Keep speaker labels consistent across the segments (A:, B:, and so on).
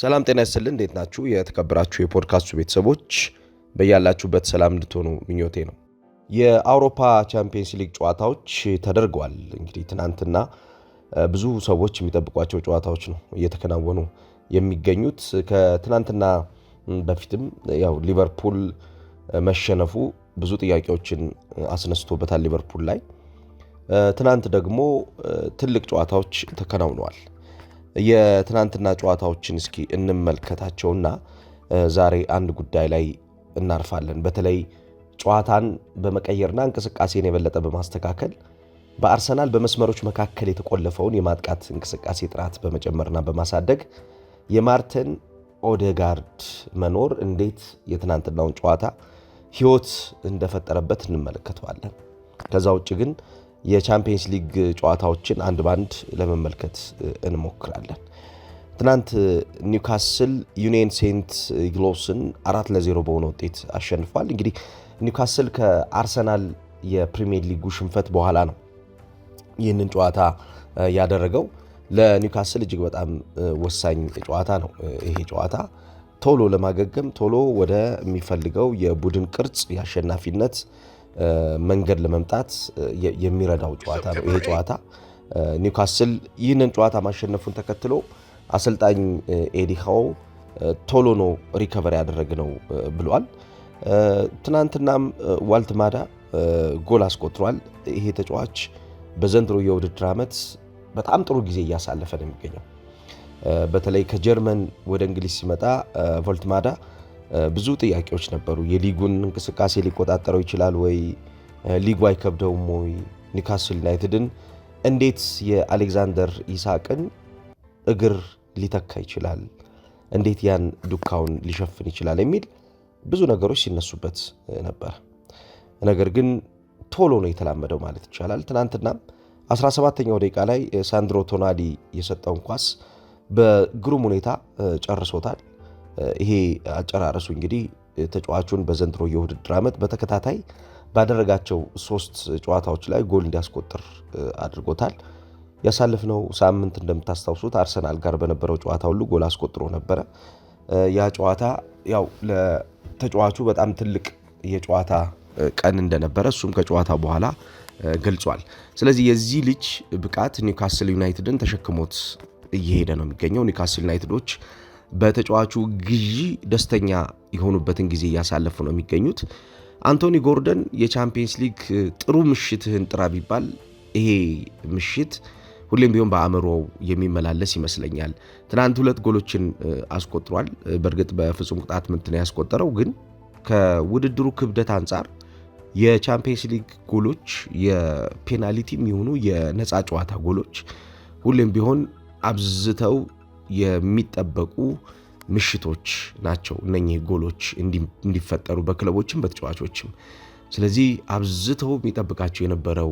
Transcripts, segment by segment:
A: ሰላም ጤና ይስጥልን። እንዴት ናችሁ? የተከበራችሁ የፖድካስቱ ቤተሰቦች በያላችሁበት ሰላም እንድትሆኑ ምኞቴ ነው። የአውሮፓ ቻምፒየንስ ሊግ ጨዋታዎች ተደርገዋል። እንግዲህ ትናንትና ብዙ ሰዎች የሚጠብቋቸው ጨዋታዎች ነው እየተከናወኑ የሚገኙት። ከትናንትና በፊትም ያው ሊቨርፑል መሸነፉ ብዙ ጥያቄዎችን አስነስቶበታል ሊቨርፑል ላይ። ትናንት ደግሞ ትልቅ ጨዋታዎች ተከናውነዋል። የትናንትና ጨዋታዎችን እስኪ እንመልከታቸውና ዛሬ አንድ ጉዳይ ላይ እናርፋለን። በተለይ ጨዋታን በመቀየርና እንቅስቃሴን የበለጠ በማስተካከል በአርሰናል በመስመሮች መካከል የተቆለፈውን የማጥቃት እንቅስቃሴ ጥራት በመጨመርና በማሳደግ የማርተን ኦደጋርድ መኖር እንዴት የትናንትናውን ጨዋታ ሕይወት እንደፈጠረበት እንመለከተዋለን። ከዛ ውጭ ግን የቻምፒየንስ ሊግ ጨዋታዎችን አንድ ባንድ ለመመልከት እንሞክራለን። ትናንት ኒውካስል ዩኒየን ሴንት ግሎስን አራት ለዜሮ በሆነ ውጤት አሸንፏል። እንግዲህ ኒውካስል ከአርሰናል የፕሪሚየር ሊጉ ሽንፈት በኋላ ነው ይህንን ጨዋታ ያደረገው። ለኒውካስል እጅግ በጣም ወሳኝ ጨዋታ ነው ይሄ ጨዋታ ቶሎ ለማገገም ቶሎ ወደሚፈልገው የቡድን ቅርጽ የአሸናፊነት መንገድ ለመምጣት የሚረዳው ጨዋታ ነው ይሄ ጨዋታ። ኒውካስል ይህንን ጨዋታ ማሸነፉን ተከትሎ አሰልጣኝ ኤዲሃው ቶሎ ነው ሪከቨር ያደረግ ነው ብሏል። ትናንትናም ዋልትማዳ ጎል አስቆጥሯል። ይሄ ተጫዋች በዘንድሮ የውድድር ዓመት በጣም ጥሩ ጊዜ እያሳለፈ ነው የሚገኘው። በተለይ ከጀርመን ወደ እንግሊዝ ሲመጣ ቮልትማዳ ብዙ ጥያቄዎች ነበሩ። የሊጉን እንቅስቃሴ ሊቆጣጠረው ይችላል ወይ? ሊጉ አይከብደውም ወይ? ኒካስል ዩናይትድን እንዴት የአሌክዛንደር ኢሳቅን እግር ሊተካ ይችላል? እንዴት ያን ዱካውን ሊሸፍን ይችላል? የሚል ብዙ ነገሮች ሲነሱበት ነበር። ነገር ግን ቶሎ ነው የተላመደው ማለት ይቻላል። ትናንትናም 17ኛው ደቂቃ ላይ ሳንድሮ ቶናሊ የሰጠውን ኳስ በግሩም ሁኔታ ጨርሶታል። ይሄ አጨራረሱ እንግዲህ ተጫዋቹን በዘንድሮ የውድድር ዓመት በተከታታይ ባደረጋቸው ሶስት ጨዋታዎች ላይ ጎል እንዲያስቆጥር አድርጎታል። ያሳለፍነው ሳምንት እንደምታስታውሱት አርሰናል ጋር በነበረው ጨዋታ ሁሉ ጎል አስቆጥሮ ነበረ። ያ ጨዋታ ያው ለተጫዋቹ በጣም ትልቅ የጨዋታ ቀን እንደነበረ እሱም ከጨዋታ በኋላ ገልጿል። ስለዚህ የዚህ ልጅ ብቃት ኒውካስል ዩናይትድን ተሸክሞት እየሄደ ነው የሚገኘው። ኒውካስል ዩናይትዶች በተጫዋቹ ግዢ ደስተኛ የሆኑበትን ጊዜ እያሳለፉ ነው የሚገኙት። አንቶኒ ጎርደን የቻምፒየንስ ሊግ ጥሩ ምሽትህን ጥራ ቢባል ይሄ ምሽት ሁሌም ቢሆን በአእምሮ የሚመላለስ ይመስለኛል። ትናንት ሁለት ጎሎችን አስቆጥሯል። በእርግጥ በፍጹም ቅጣት ምት ነው ያስቆጠረው፣ ግን ከውድድሩ ክብደት አንጻር የቻምፒየንስ ሊግ ጎሎች የፔናልቲ የሚሆኑ የነፃ ጨዋታ ጎሎች ሁሌም ቢሆን አብዝተው የሚጠበቁ ምሽቶች ናቸው እነኚህ ጎሎች እንዲፈጠሩ በክለቦችም በተጫዋቾችም። ስለዚህ አብዝተው የሚጠብቃቸው የነበረው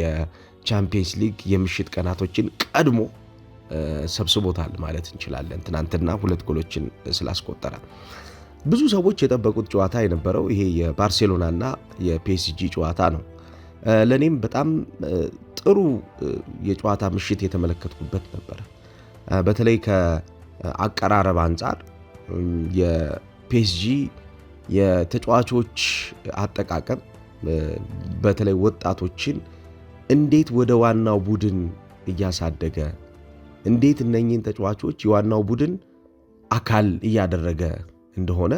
A: የቻምፒየንስ ሊግ የምሽት ቀናቶችን ቀድሞ ሰብስቦታል ማለት እንችላለን። ትናንትና ሁለት ጎሎችን ስላስቆጠረ ብዙ ሰዎች የጠበቁት ጨዋታ የነበረው ይሄ የባርሴሎናና የፒኤስጂ ጨዋታ ነው። ለእኔም በጣም ጥሩ የጨዋታ ምሽት የተመለከትኩበት ነበረ። በተለይ ከአቀራረብ አንጻር የፒኤስጂ የተጫዋቾች አጠቃቀም በተለይ ወጣቶችን እንዴት ወደ ዋናው ቡድን እያሳደገ እንዴት እነኚህን ተጫዋቾች የዋናው ቡድን አካል እያደረገ እንደሆነ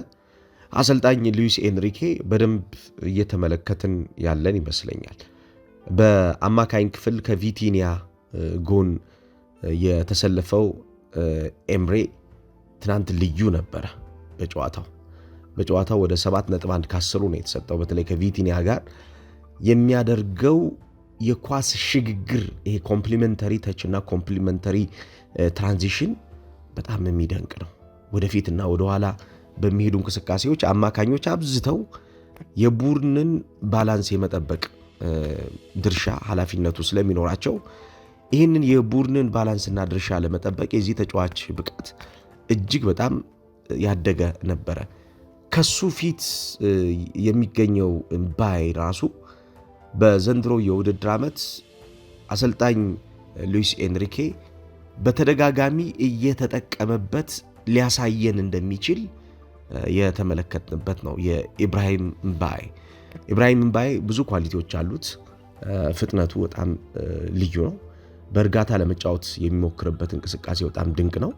A: አሰልጣኝ ሉዊስ ኤንሪኬ በደንብ እየተመለከትን ያለን ይመስለኛል። በአማካኝ ክፍል ከቪቲኒያ ጎን የተሰለፈው ኤምሬ ትናንት ልዩ ነበረ። በጨዋታው በጨዋታው ወደ 7.1 ከአስሩ ነው የተሰጠው። በተለይ ከቪቲኒያ ጋር የሚያደርገው የኳስ ሽግግር ይሄ ኮምፕሊመንተሪ ተች እና ኮምፕሊመንተሪ ትራንዚሽን በጣም የሚደንቅ ነው። ወደፊትና ወደኋላ በሚሄዱ እንቅስቃሴዎች አማካኞች አብዝተው የቡድንን ባላንስ የመጠበቅ ድርሻ ኃላፊነቱ ስለሚኖራቸው ይህንን የቡድንን ባላንስና ድርሻ ለመጠበቅ የዚህ ተጫዋች ብቃት እጅግ በጣም ያደገ ነበረ። ከሱ ፊት የሚገኘው ባይ ራሱ በዘንድሮ የውድድር ዓመት አሰልጣኝ ሉዊስ ኤንሪኬ በተደጋጋሚ እየተጠቀመበት ሊያሳየን እንደሚችል የተመለከትንበት ነው። የኢብራሂም ምባይ ኢብራሂም ምባይ ብዙ ኳሊቲዎች አሉት። ፍጥነቱ በጣም ልዩ ነው። በእርጋታ ለመጫወት የሚሞክርበት እንቅስቃሴ በጣም ድንቅ ነው።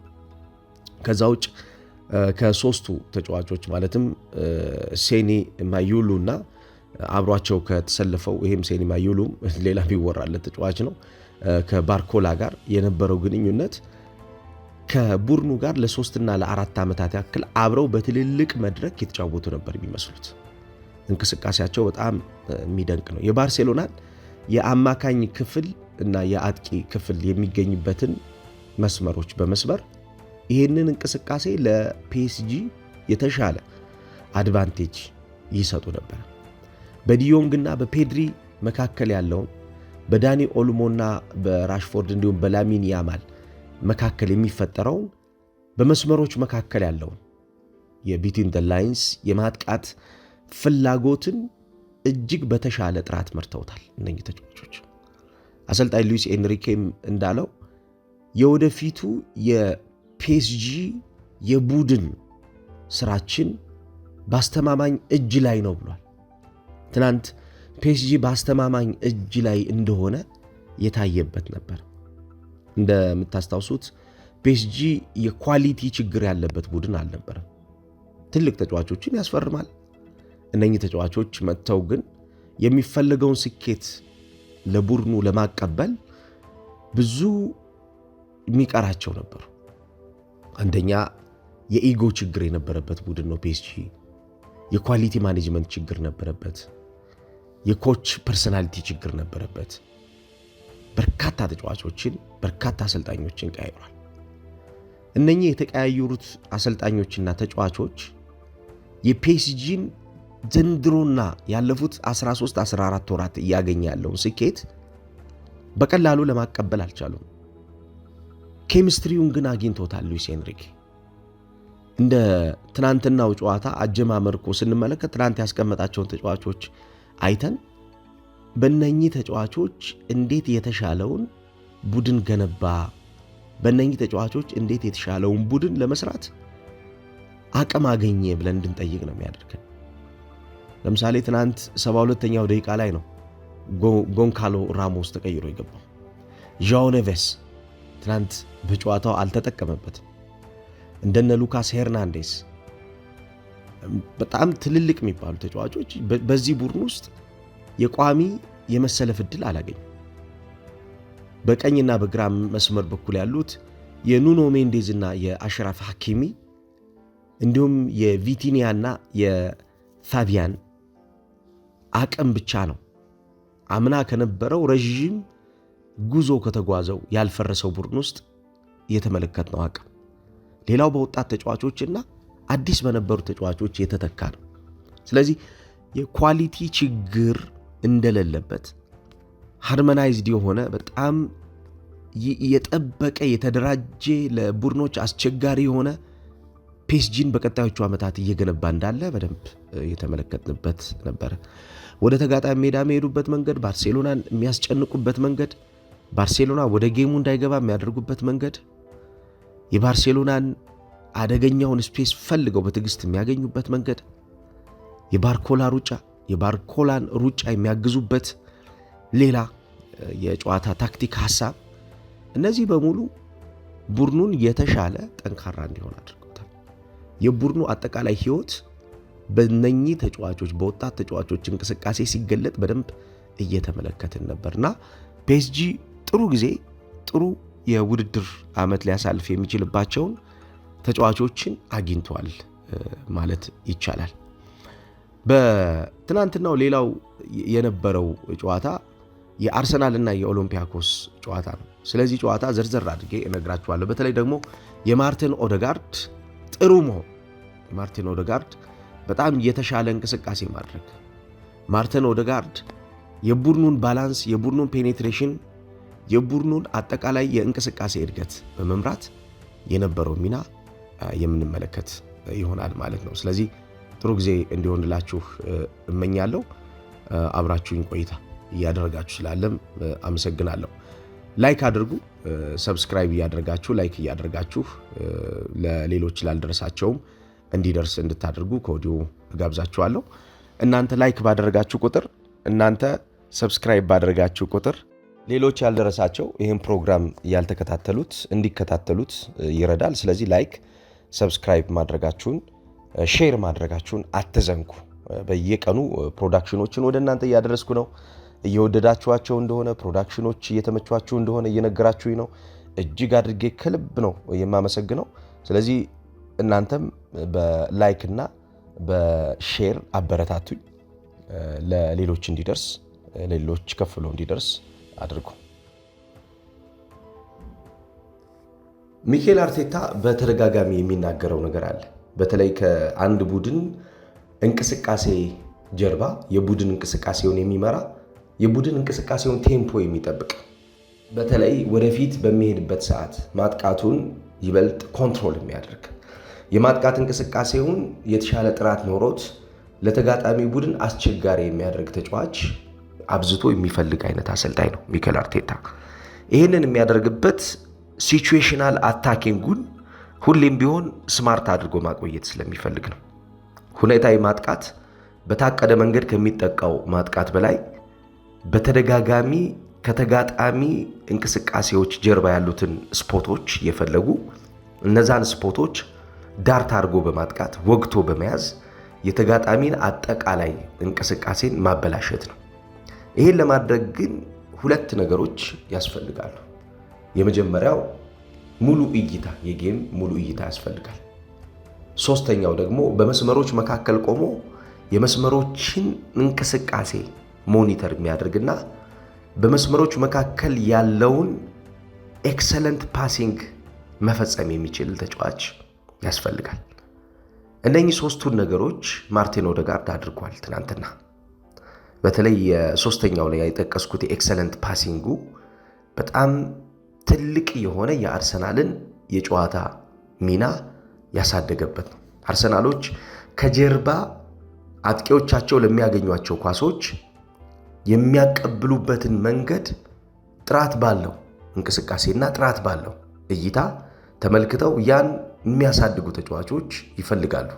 A: ከዛ ውጭ ከሶስቱ ተጫዋቾች ማለትም ሴኒ ማዩሉ እና አብሯቸው ከተሰለፈው ይህም ሴኒ ማዩሉ ሌላ የሚወራለት ተጫዋች ነው ከባርኮላ ጋር የነበረው ግንኙነት ከቡድኑ ጋር ለሶስትና ለአራት ዓመታት ያክል አብረው በትልልቅ መድረክ የተጫወቱ ነበር የሚመስሉት። እንቅስቃሴያቸው በጣም የሚደንቅ ነው። የባርሴሎናን የአማካኝ ክፍል እና የአጥቂ ክፍል የሚገኝበትን መስመሮች በመስበር ይህንን እንቅስቃሴ ለፒኤስጂ የተሻለ አድቫንቴጅ ይሰጡ ነበር። በዲዮንግና በፔድሪ መካከል ያለውን በዳኒ ኦልሞና በራሽፎርድ እንዲሁም በላሚን ያማል መካከል የሚፈጠረውን በመስመሮች መካከል ያለውን የቢትዊን ደ ላይንስ የማጥቃት ፍላጎትን እጅግ በተሻለ ጥራት መርተውታል እነኚህ ተጫዋቾች። አሰልጣኝ ሉዊስ ኤንሪኬም እንዳለው የወደፊቱ የፒኤስጂ የቡድን ስራችን በአስተማማኝ እጅ ላይ ነው ብሏል። ትናንት ፒኤስጂ በአስተማማኝ እጅ ላይ እንደሆነ የታየበት ነበር። እንደምታስታውሱት ፒኤስጂ የኳሊቲ ችግር ያለበት ቡድን አልነበረም። ትልቅ ተጫዋቾችን ያስፈርማል። እነኚህ ተጫዋቾች መጥተው ግን የሚፈለገውን ስኬት ለቡድኑ ለማቀበል ብዙ የሚቀራቸው ነበሩ። አንደኛ የኢጎ ችግር የነበረበት ቡድን ነው ፒኤስጂ። የኳሊቲ ማኔጅመንት ችግር ነበረበት። የኮች ፐርሰናሊቲ ችግር ነበረበት። በርካታ ተጫዋቾችን በርካታ አሰልጣኞችን ቀያይሯል። እነኚህ የተቀያየሩት አሰልጣኞችና ተጫዋቾች የፒኤስጂን ዘንድሮና ያለፉት 13 14 ወራት እያገኘ ያለውን ስኬት በቀላሉ ለማቀበል አልቻሉም። ኬሚስትሪውን ግን አግኝቶታል ሉዊስ ኤንሪኬ። እንደ ትናንትናው ጨዋታ አጀማመርኮ ስንመለከት ትናንት ያስቀመጣቸውን ተጫዋቾች አይተን በእነኚህ ተጫዋቾች እንዴት የተሻለውን ቡድን ገነባ፣ በእነኚህ ተጫዋቾች እንዴት የተሻለውን ቡድን ለመስራት አቅም አገኘ ብለን እንድንጠይቅ ነው የሚያደርገን። ለምሳሌ ትናንት 72ኛው ደቂቃ ላይ ነው ጎንካሎ ራሞስ ተቀይሮ የገባው። ዣኦ ኔቬስ ትናንት በጨዋታው አልተጠቀመበትም። እንደነ ሉካስ ሄርናንዴስ በጣም ትልልቅ የሚባሉ ተጫዋቾች በዚህ ቡድን ውስጥ የቋሚ የመሰለፍ ፍድል አላገኙ። በቀኝና በግራ መስመር በኩል ያሉት የኑኖ ሜንዴዝ እና የአሽራፍ ሐኪሚ እንዲሁም የቪቲኒያ ና የፋቢያን አቅም ብቻ ነው። አምና ከነበረው ረዥም ጉዞ ከተጓዘው ያልፈረሰው ቡድን ውስጥ ነው አቅም፣ ሌላው በወጣት ተጫዋቾችና አዲስ በነበሩ ተጫዋቾች የተተካ ነው። ስለዚህ የኳሊቲ ችግር እንደሌለበት ሃርመናይዝድ የሆነ በጣም የጠበቀ የተደራጀ ለቡድኖች አስቸጋሪ የሆነ ፔስጂን በቀጣዮቹ ዓመታት እየገነባ እንዳለ በደንብ የተመለከትንበት ነበረ። ወደ ተጋጣሚ ሜዳ የሚሄዱበት መንገድ፣ ባርሴሎናን የሚያስጨንቁበት መንገድ፣ ባርሴሎና ወደ ጌሙ እንዳይገባ የሚያደርጉበት መንገድ፣ የባርሴሎናን አደገኛውን ስፔስ ፈልገው በትዕግስት የሚያገኙበት መንገድ፣ የባርኮላ ሩጫ የባርኮላን ሩጫ የሚያግዙበት ሌላ የጨዋታ ታክቲክ ሀሳብ፣ እነዚህ በሙሉ ቡድኑን የተሻለ ጠንካራ እንዲሆን አድርገውታል። የቡድኑ አጠቃላይ ህይወት በነኚህ ተጫዋቾች በወጣት ተጫዋቾች እንቅስቃሴ ሲገለጥ በደንብ እየተመለከትን ነበርና ፒኤስጂ ጥሩ ጊዜ ጥሩ የውድድር ዓመት ሊያሳልፍ የሚችልባቸውን ተጫዋቾችን አግኝተዋል ማለት ይቻላል። በትናንትናው ሌላው የነበረው ጨዋታ የአርሰናል የአርሰናልና የኦሎምፒያኮስ ጨዋታ ነው። ስለዚህ ጨዋታ ዘርዘር አድርጌ እነግራችኋለሁ። በተለይ ደግሞ የማርቲን ኦደጋርድ ጥሩ መሆን የማርቲን ኦደጋርድ በጣም የተሻለ እንቅስቃሴ ማድረግ። ማርተን ኦደጋርድ የቡድኑን ባላንስ፣ የቡድኑን ፔኔትሬሽን፣ የቡድኑን አጠቃላይ የእንቅስቃሴ እድገት በመምራት የነበረው ሚና የምንመለከት ይሆናል ማለት ነው። ስለዚህ ጥሩ ጊዜ እንዲሆንላችሁ እመኛለሁ። አብራችሁኝ ቆይታ እያደረጋችሁ ስላለም አመሰግናለሁ። ላይክ አድርጉ፣ ሰብስክራይብ እያደረጋችሁ ላይክ እያደረጋችሁ ለሌሎች ላልደረሳቸውም እንዲደርስ እንድታደርጉ ከወዲሁ እጋብዛችኋለሁ። እናንተ ላይክ ባደረጋችሁ ቁጥር፣ እናንተ ሰብስክራይብ ባደረጋችሁ ቁጥር ሌሎች ያልደረሳቸው ይህን ፕሮግራም ያልተከታተሉት እንዲከታተሉት ይረዳል። ስለዚህ ላይክ፣ ሰብስክራይብ ማድረጋችሁን ሼር ማድረጋችሁን አትዘንኩ። በየቀኑ ፕሮዳክሽኖችን ወደ እናንተ እያደረስኩ ነው። እየወደዳችኋቸው እንደሆነ ፕሮዳክሽኖች እየተመቿችሁ እንደሆነ እየነገራችሁኝ ነው። እጅግ አድርጌ ከልብ ነው የማመሰግነው። ስለዚህ እናንተም በላይክ እና በሼር አበረታቱኝ። ለሌሎች እንዲደርስ ሌሎች ከፍ ብሎ እንዲደርስ አድርጉ። ሚኬል አርቴታ በተደጋጋሚ የሚናገረው ነገር አለ። በተለይ ከአንድ ቡድን እንቅስቃሴ ጀርባ የቡድን እንቅስቃሴውን የሚመራ የቡድን እንቅስቃሴውን ቴምፖ የሚጠብቅ በተለይ ወደፊት በሚሄድበት ሰዓት ማጥቃቱን ይበልጥ ኮንትሮል የሚያደርግ የማጥቃት እንቅስቃሴውን የተሻለ ጥራት ኖሮት ለተጋጣሚ ቡድን አስቸጋሪ የሚያደርግ ተጫዋች አብዝቶ የሚፈልግ አይነት አሰልጣኝ ነው ሚኬል አርቴታ። ይህንን የሚያደርግበት ሲቹዌሽናል አታኪንጉን ሁሌም ቢሆን ስማርት አድርጎ ማቆየት ስለሚፈልግ ነው። ሁኔታዊ ማጥቃት በታቀደ መንገድ ከሚጠቃው ማጥቃት በላይ በተደጋጋሚ ከተጋጣሚ እንቅስቃሴዎች ጀርባ ያሉትን ስፖቶች እየፈለጉ እነዛን ስፖቶች ዳር ታርጎ በማጥቃት ወግቶ በመያዝ የተጋጣሚን አጠቃላይ እንቅስቃሴን ማበላሸት ነው። ይህን ለማድረግ ግን ሁለት ነገሮች ያስፈልጋሉ። የመጀመሪያው ሙሉ እይታ፣ የጌም ሙሉ እይታ ያስፈልጋል። ሶስተኛው ደግሞ በመስመሮች መካከል ቆሞ የመስመሮችን እንቅስቃሴ ሞኒተር የሚያደርግና በመስመሮች መካከል ያለውን ኤክሰለንት ፓሲንግ መፈጸም የሚችል ተጫዋች ያስፈልጋል። እነኚህ ሶስቱን ነገሮች ማርቲን ኦደጋርድ አድርጓል ትናንትና። በተለይ የሶስተኛው ላይ የጠቀስኩት የኤክሰለንት ፓሲንጉ በጣም ትልቅ የሆነ የአርሰናልን የጨዋታ ሚና ያሳደገበት ነው። አርሰናሎች ከጀርባ አጥቂዎቻቸው ለሚያገኟቸው ኳሶች የሚያቀብሉበትን መንገድ ጥራት ባለው እንቅስቃሴና ጥራት ባለው እይታ ተመልክተው ያን የሚያሳድጉ ተጫዋቾች ይፈልጋሉ።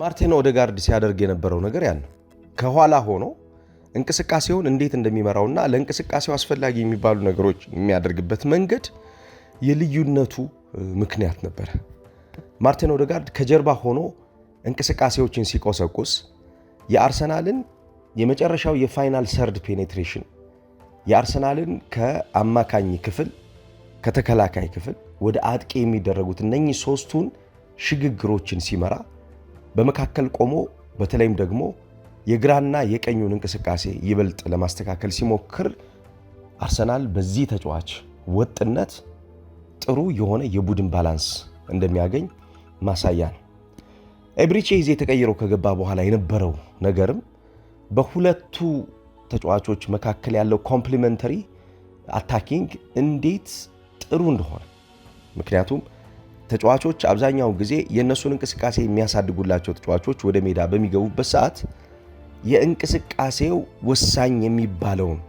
A: ማርቲን ኦዴጋርድ ሲያደርግ የነበረው ነገር ያን ከኋላ ሆኖ እንቅስቃሴውን እንዴት እንደሚመራውና ለእንቅስቃሴው አስፈላጊ የሚባሉ ነገሮች የሚያደርግበት መንገድ የልዩነቱ ምክንያት ነበረ። ማርቲን ኦዴጋርድ ከጀርባ ሆኖ እንቅስቃሴዎችን ሲቆሰቁስ የአርሰናልን የመጨረሻው የፋይናል ሰርድ ፔኔትሬሽን የአርሰናልን ከአማካኝ ክፍል ከተከላካይ ክፍል ወደ አጥቂ የሚደረጉት እነኚህ ሶስቱን ሽግግሮችን ሲመራ በመካከል ቆሞ በተለይም ደግሞ የግራና የቀኙን እንቅስቃሴ ይበልጥ ለማስተካከል ሲሞክር አርሰናል በዚህ ተጫዋች ወጥነት ጥሩ የሆነ የቡድን ባላንስ እንደሚያገኝ ማሳያ ነው። ኤብሪቼ ይዜ ተቀይሮ ከገባ በኋላ የነበረው ነገርም በሁለቱ ተጫዋቾች መካከል ያለው ኮምፕሊመንተሪ አታኪንግ እንዴት ጥሩ እንደሆነ ምክንያቱም ተጫዋቾች አብዛኛው ጊዜ የእነሱን እንቅስቃሴ የሚያሳድጉላቸው ተጫዋቾች ወደ ሜዳ በሚገቡበት ሰዓት የእንቅስቃሴው ወሳኝ የሚባለውን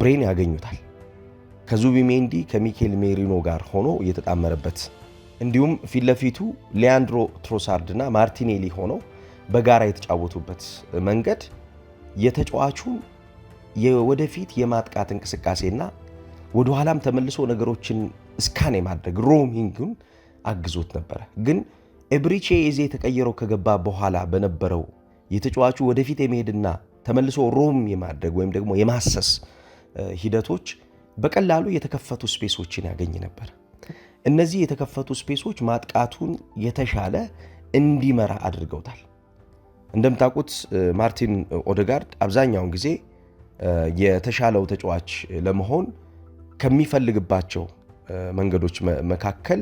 A: ብሬን ያገኙታል። ከዙቢሜንዲ ከሚኬል ሜሪኖ ጋር ሆኖ የተጣመረበት እንዲሁም ፊት ለፊቱ ሊያንድሮ ትሮሳርድ እና ማርቲኔሊ ሆነው በጋራ የተጫወቱበት መንገድ የተጫዋቹ የወደፊት የማጥቃት እንቅስቃሴና ወደኋላም ተመልሶ ነገሮችን እስካን የማድረግ ሮሚንግን አግዞት ነበረ። ግን ኤብሪቼ የዜ የተቀየረው ከገባ በኋላ በነበረው የተጫዋቹ ወደፊት የመሄድና ተመልሶ ሮም የማድረግ ወይም ደግሞ የማሰስ ሂደቶች በቀላሉ የተከፈቱ ስፔሶችን ያገኝ ነበር። እነዚህ የተከፈቱ ስፔሶች ማጥቃቱን የተሻለ እንዲመራ አድርገውታል። እንደምታውቁት ማርቲን ኦደጋርድ አብዛኛውን ጊዜ የተሻለው ተጫዋች ለመሆን ከሚፈልግባቸው መንገዶች መካከል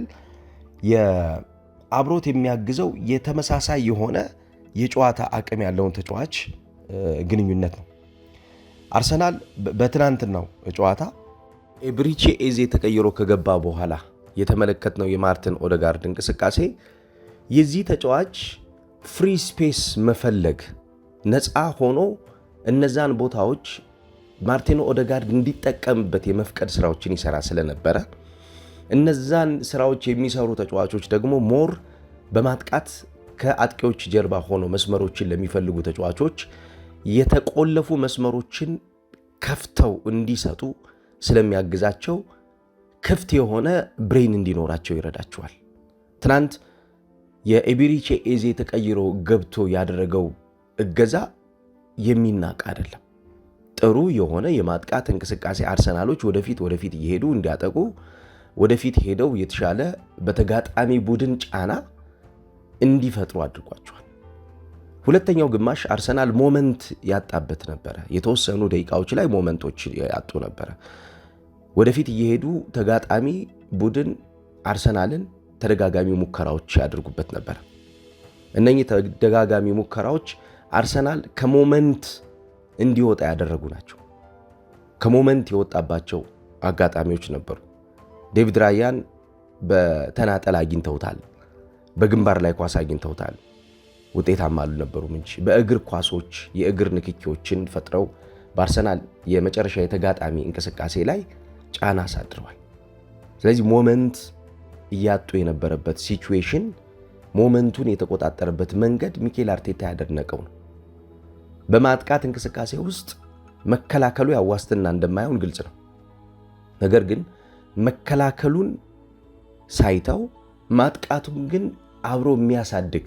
A: አብሮት የሚያግዘው የተመሳሳይ የሆነ የጨዋታ አቅም ያለውን ተጫዋች ግንኙነት ነው። አርሰናል በትናንትናው ጨዋታ ኤብሪቼ ኤዜ ተቀይሮ ከገባ በኋላ የተመለከትነው የማርቲን ኦደጋርድ እንቅስቃሴ የዚህ ተጫዋች ፍሪ ስፔስ መፈለግ ነፃ ሆኖ እነዛን ቦታዎች ማርቲን ኦደጋርድ እንዲጠቀምበት የመፍቀድ ስራዎችን ይሰራ ስለነበረ እነዛን ስራዎች የሚሰሩ ተጫዋቾች ደግሞ ሞር በማጥቃት ከአጥቂዎች ጀርባ ሆኖ መስመሮችን ለሚፈልጉ ተጫዋቾች የተቆለፉ መስመሮችን ከፍተው እንዲሰጡ ስለሚያግዛቸው ክፍት የሆነ ብሬን እንዲኖራቸው ይረዳቸዋል። ትናንት የኤቢሪቼ ኤዜ ተቀይሮ ገብቶ ያደረገው እገዛ የሚናቅ አይደለም። ጥሩ የሆነ የማጥቃት እንቅስቃሴ አርሰናሎች ወደፊት ወደፊት እየሄዱ እንዲያጠቁ ወደፊት ሄደው የተሻለ በተጋጣሚ ቡድን ጫና እንዲፈጥሩ አድርጓቸዋል። ሁለተኛው ግማሽ አርሰናል ሞመንት ያጣበት ነበረ። የተወሰኑ ደቂቃዎች ላይ ሞመንቶች ያጡ ነበረ። ወደፊት እየሄዱ ተጋጣሚ ቡድን አርሰናልን ተደጋጋሚ ሙከራዎች ያደርጉበት ነበረ። እነኚህ ተደጋጋሚ ሙከራዎች አርሰናል ከሞመንት እንዲወጣ ያደረጉ ናቸው። ከሞመንት የወጣባቸው አጋጣሚዎች ነበሩ። ዴቪድ ራያን በተናጠል አግኝተውታል። በግንባር ላይ ኳስ አግኝተውታል። ውጤታማ አልነበሩም እንጂ በእግር ኳሶች የእግር ንክኪዎችን ፈጥረው በአርሰናል የመጨረሻ የተጋጣሚ እንቅስቃሴ ላይ ጫና አሳድረዋል። ስለዚህ ሞመንት እያጡ የነበረበት ሲቹዌሽን ሞመንቱን የተቆጣጠረበት መንገድ ሚኬል አርቴታ ያደነቀው ነው። በማጥቃት እንቅስቃሴ ውስጥ መከላከሉ ያዋስትና እንደማይሆን ግልጽ ነው። ነገር ግን መከላከሉን ሳይተው ማጥቃቱን ግን አብሮ የሚያሳድግ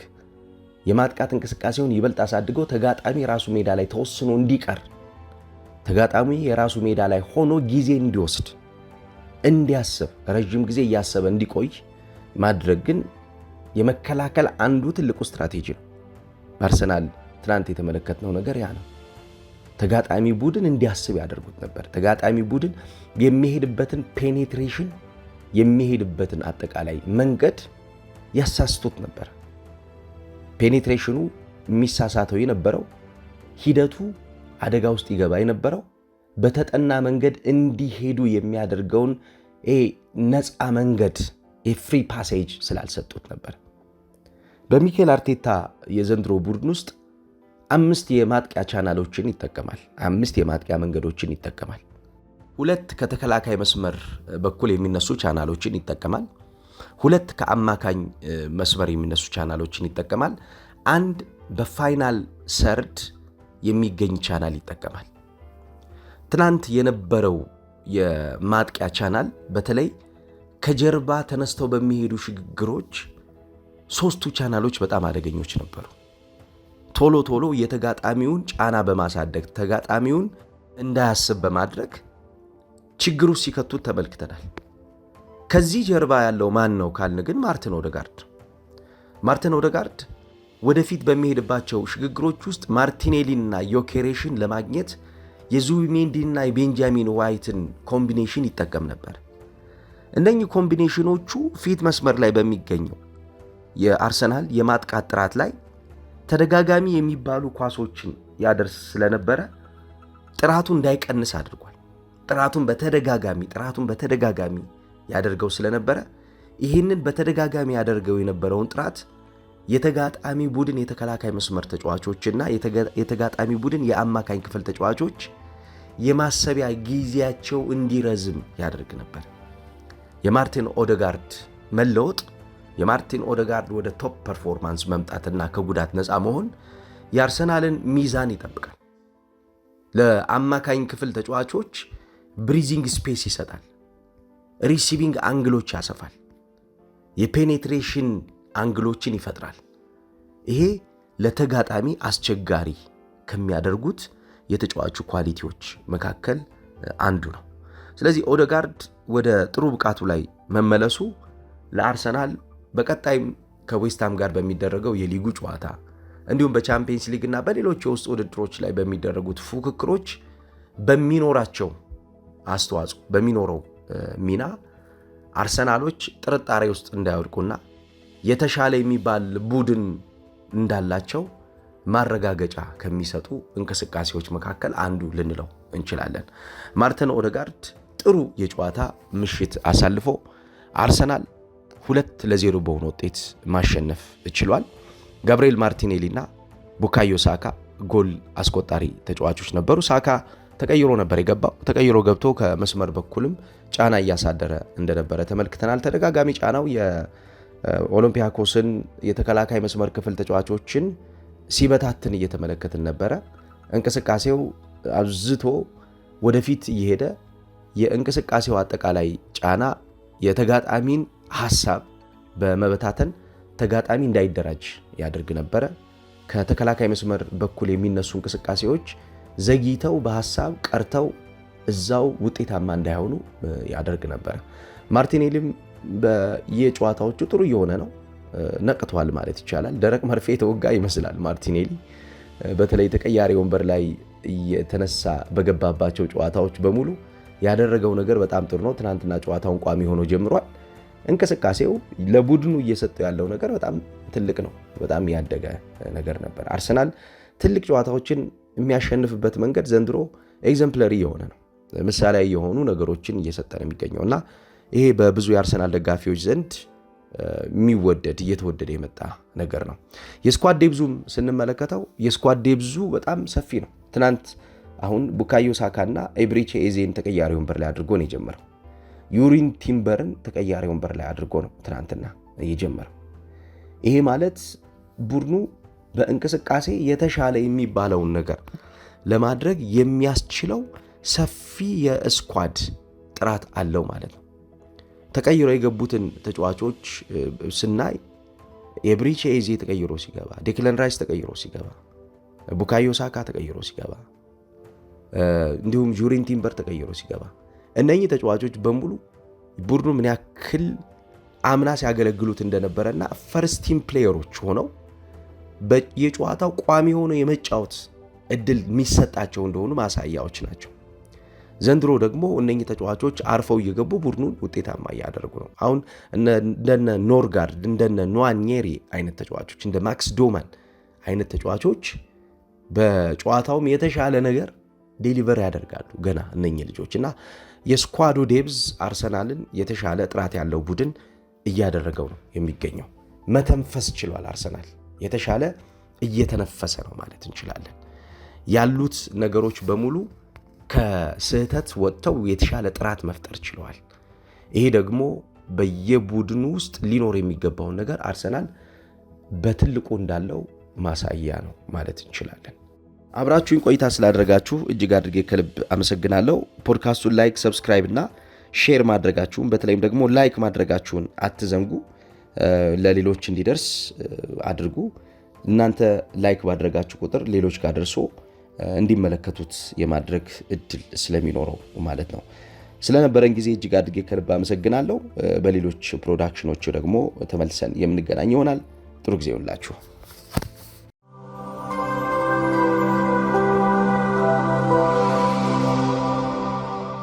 A: የማጥቃት እንቅስቃሴውን ይበልጥ አሳድገው ተጋጣሚ የራሱ ሜዳ ላይ ተወስኖ እንዲቀር ተጋጣሚ የራሱ ሜዳ ላይ ሆኖ ጊዜ እንዲወስድ እንዲያስብ ረዥም ጊዜ እያሰበ እንዲቆይ ማድረግ ግን የመከላከል አንዱ ትልቁ ስትራቴጂ ነው። አርሰናል ትናንት የተመለከትነው ነገር ያ ነው። ተጋጣሚ ቡድን እንዲያስብ ያደርጉት ነበር። ተጋጣሚ ቡድን የሚሄድበትን ፔኔትሬሽን የሚሄድበትን አጠቃላይ መንገድ ያሳስቱት ነበር። ፔኔትሬሽኑ የሚሳሳተው የነበረው ሂደቱ አደጋ ውስጥ ይገባ የነበረው በተጠና መንገድ እንዲሄዱ የሚያደርገውን ነፃ መንገድ የፍሪ ፓሴጅ ስላልሰጡት ነበር። በሚኬል አርቴታ የዘንድሮ ቡድን ውስጥ አምስት የማጥቂያ ቻናሎችን ይጠቀማል። አምስት የማጥቂያ መንገዶችን ይጠቀማል። ሁለት ከተከላካይ መስመር በኩል የሚነሱ ቻናሎችን ይጠቀማል። ሁለት ከአማካኝ መስመር የሚነሱ ቻናሎችን ይጠቀማል። አንድ በፋይናል ሰርድ የሚገኝ ቻናል ይጠቀማል። ትናንት የነበረው የማጥቂያ ቻናል በተለይ ከጀርባ ተነስተው በሚሄዱ ሽግግሮች ሶስቱ ቻናሎች በጣም አደገኞች ነበሩ። ቶሎ ቶሎ የተጋጣሚውን ጫና በማሳደግ ተጋጣሚውን እንዳያስብ በማድረግ ችግሩ ሲከቱት ተመልክተናል። ከዚህ ጀርባ ያለው ማን ነው ካልን ግን ማርቲን ኦደጋርድ ማርቲን ኦደጋርድ ወደፊት በሚሄድባቸው ሽግግሮች ውስጥ ማርቲኔሊንና ዮኬሬሽን ለማግኘት የዙቢሜንዲንና የቤንጃሚን ዋይትን ኮምቢኔሽን ይጠቀም ነበር። እነኚህ ኮምቢኔሽኖቹ ፊት መስመር ላይ በሚገኘው የአርሰናል የማጥቃት ጥራት ላይ ተደጋጋሚ የሚባሉ ኳሶችን ያደርስ ስለነበረ ጥራቱ እንዳይቀንስ አድርጓል። ጥራቱን በተደጋጋሚ ጥራቱን በተደጋጋሚ ያደርገው ስለነበረ ይህንን በተደጋጋሚ ያደርገው የነበረውን ጥራት የተጋጣሚ ቡድን የተከላካይ መስመር ተጫዋቾችና የተጋጣሚ ቡድን የአማካኝ ክፍል ተጫዋቾች የማሰቢያ ጊዜያቸው እንዲረዝም ያደርግ ነበር። የማርቲን ኦደጋርድ መለወጥ የማርቲን ኦደጋርድ ወደ ቶፕ ፐርፎርማንስ መምጣትና ከጉዳት ነፃ መሆን የአርሰናልን ሚዛን ይጠብቃል። ለአማካኝ ክፍል ተጫዋቾች ብሪዚንግ ስፔስ ይሰጣል። ሪሲቪንግ አንግሎች ያሰፋል። የፔኔትሬሽን አንግሎችን ይፈጥራል። ይሄ ለተጋጣሚ አስቸጋሪ ከሚያደርጉት የተጫዋቹ ኳሊቲዎች መካከል አንዱ ነው። ስለዚህ ኦደጋርድ ወደ ጥሩ ብቃቱ ላይ መመለሱ ለአርሰናል በቀጣይም ከዌስትሃም ጋር በሚደረገው የሊጉ ጨዋታ እንዲሁም በቻምፒየንስ ሊግ እና በሌሎች የውስጥ ውድድሮች ላይ በሚደረጉት ፉክክሮች በሚኖራቸው አስተዋጽኦ በሚኖረው ሚና አርሰናሎች ጥርጣሬ ውስጥ እንዳይወድቁና የተሻለ የሚባል ቡድን እንዳላቸው ማረጋገጫ ከሚሰጡ እንቅስቃሴዎች መካከል አንዱ ልንለው እንችላለን። ማርተን ኦደጋርድ ጥሩ የጨዋታ ምሽት አሳልፎ አርሰናል ሁለት ለዜሮ በሆነ ውጤት ማሸነፍ ችሏል። ጋብርኤል ማርቲኔሊ ና ቡካዮ ሳካ ጎል አስቆጣሪ ተጫዋቾች ነበሩ። ሳካ ተቀይሮ ነበር የገባው። ተቀይሮ ገብቶ ከመስመር በኩልም ጫና እያሳደረ እንደነበረ ተመልክተናል። ተደጋጋሚ ጫናው የኦሎምፒያኮስን የተከላካይ መስመር ክፍል ተጫዋቾችን ሲበታትን እየተመለከትን ነበረ። እንቅስቃሴው አብዝቶ ወደፊት እየሄደ የእንቅስቃሴው አጠቃላይ ጫና የተጋጣሚን ሀሳብ በመበታተን ተጋጣሚ እንዳይደራጅ ያደርግ ነበረ። ከተከላካይ መስመር በኩል የሚነሱ እንቅስቃሴዎች ዘግይተው በሀሳብ ቀርተው እዛው ውጤታማ እንዳይሆኑ ያደርግ ነበረ። ማርቲኔሊም በየጨዋታዎቹ ጥሩ እየሆነ ነው፣ ነቅቷል ማለት ይቻላል። ደረቅ መርፌ የተወጋ ይመስላል ማርቲኔሊ። በተለይ ተቀያሪ ወንበር ላይ የተነሳ በገባባቸው ጨዋታዎች በሙሉ ያደረገው ነገር በጣም ጥሩ ነው። ትናንትና ጨዋታውን ቋሚ ሆኖ ጀምሯል። እንቅስቃሴው ለቡድኑ እየሰጠው ያለው ነገር በጣም ትልቅ ነው። በጣም ያደገ ነገር ነበር። አርሰናል ትልቅ ጨዋታዎችን የሚያሸንፍበት መንገድ ዘንድሮ ኤግዘምፕለሪ የሆነ ነው። ምሳሌያዊ የሆኑ ነገሮችን እየሰጠ ነው የሚገኘው እና ይሄ በብዙ የአርሰናል ደጋፊዎች ዘንድ የሚወደድ እየተወደደ የመጣ ነገር ነው። የስኳድ ዴብዙም ስንመለከተው የስኳድ ዴብዙ በጣም ሰፊ ነው። ትናንት አሁን ቡካዮ ሳካ እና ኤብሪቼ ኤዜን ተቀያሪ ወንበር ላይ አድርጎ ነው የጀመረው። ዩሪን ቲምበርን ተቀያሪ ወንበር ላይ አድርጎ ነው ትናንትና እየጀመረው። ይሄ ማለት ቡድኑ በእንቅስቃሴ የተሻለ የሚባለውን ነገር ለማድረግ የሚያስችለው ሰፊ የስኳድ ጥራት አለው ማለት ነው። ተቀይሮ የገቡትን ተጫዋቾች ስናይ የብሪቼ ኤዜ ተቀይሮ ሲገባ፣ ዴክለን ራይስ ተቀይሮ ሲገባ፣ ቡካዮ ሳካ ተቀይሮ ሲገባ፣ እንዲሁም ጁሪን ቲምበር ተቀይሮ ሲገባ እነኚህ ተጫዋቾች በሙሉ ቡድኑ ምን ያክል አምና ሲያገለግሉት እና ፈርስቲም ፕሌየሮች ሆነው የጨዋታው ቋሚ ሆነው የመጫወት እድል የሚሰጣቸው እንደሆኑ ማሳያዎች ናቸው። ዘንድሮ ደግሞ እነኚህ ተጫዋቾች አርፈው እየገቡ ቡድኑን ውጤታማ እያደረጉ ነው። አሁን እንደነ ኖርጋርድ እንደነ ኗኔሪ አይነት ተጫዋቾች እንደ ማክስ ዶማን አይነት ተጫዋቾች በጨዋታውም የተሻለ ነገር ዴሊቨር ያደርጋሉ ገና እነኚህ ልጆች እና የስኳዱ ዴብዝ አርሰናልን የተሻለ ጥራት ያለው ቡድን እያደረገው ነው የሚገኘው። መተንፈስ ችሏል። አርሰናል የተሻለ እየተነፈሰ ነው ማለት እንችላለን። ያሉት ነገሮች በሙሉ ከስህተት ወጥተው የተሻለ ጥራት መፍጠር ችለዋል። ይሄ ደግሞ በየቡድኑ ውስጥ ሊኖር የሚገባውን ነገር አርሰናል በትልቁ እንዳለው ማሳያ ነው ማለት እንችላለን። አብራችሁኝ ቆይታ ስላደረጋችሁ እጅግ አድርጌ ከልብ አመሰግናለሁ። ፖድካስቱን ላይክ፣ ሰብስክራይብ እና ሼር ማድረጋችሁን በተለይም ደግሞ ላይክ ማድረጋችሁን አትዘንጉ። ለሌሎች እንዲደርስ አድርጉ። እናንተ ላይክ ባድረጋችሁ ቁጥር ሌሎች ጋር ደርሶ እንዲመለከቱት የማድረግ እድል ስለሚኖረው ማለት ነው። ስለነበረን ጊዜ እጅግ አድርጌ ከልብ አመሰግናለሁ። በሌሎች ፕሮዳክሽኖች ደግሞ ተመልሰን የምንገናኝ ይሆናል። ጥሩ ጊዜ ይሁንላችሁ።